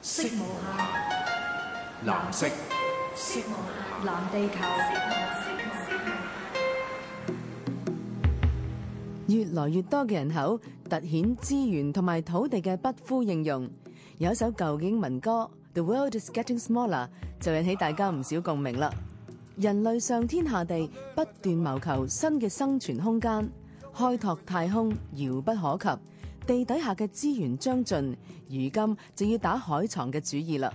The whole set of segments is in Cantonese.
色無限，藍色，藍地球。地球越來越多嘅人口凸顯資源同埋土地嘅不敷應用。有一首舊英文歌《The World Is Getting Smaller》就引起大家唔少共鳴啦。人類上天下地不斷謀求新嘅生存空間，開拓太空遙不可及。地底下嘅資源將盡，如今就要打海藏嘅主意啦。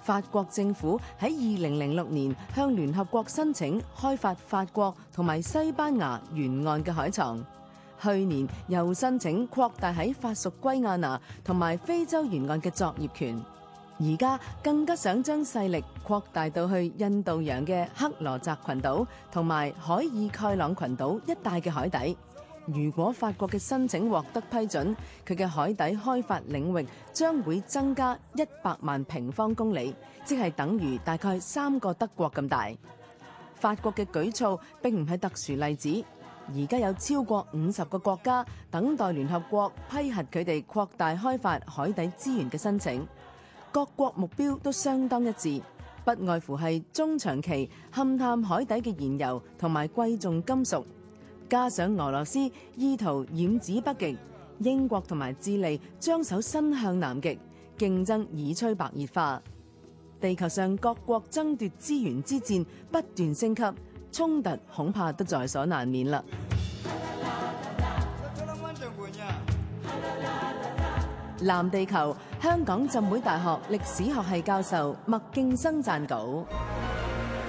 法國政府喺二零零六年向聯合國申請開發法國同埋西班牙沿岸嘅海藏，去年又申請擴大喺法屬圭亞那同埋非洲沿岸嘅作業權，而家更加想將勢力擴大到去印度洋嘅克羅澤群島同埋海爾蓋朗群島一帶嘅海底。如果法國嘅申請獲得批准，佢嘅海底開發領域將會增加一百萬平方公里，即係等於大概三個德國咁大。法國嘅舉措並唔係特殊例子，而家有超過五十個國家等待聯合國批核佢哋擴大開發海底資源嘅申請。各國目標都相當一致，不外乎係中長期勘探海底嘅燃油同埋貴重金屬。加上俄羅斯意圖染指北極，英國同埋智利將手伸向南極，競爭已趨白熱化。地球上各國爭奪資源之戰不斷升級，衝突恐怕都在所難免啦。藍 地球，香港浸會大學歷史學系教授麥勁生撰稿。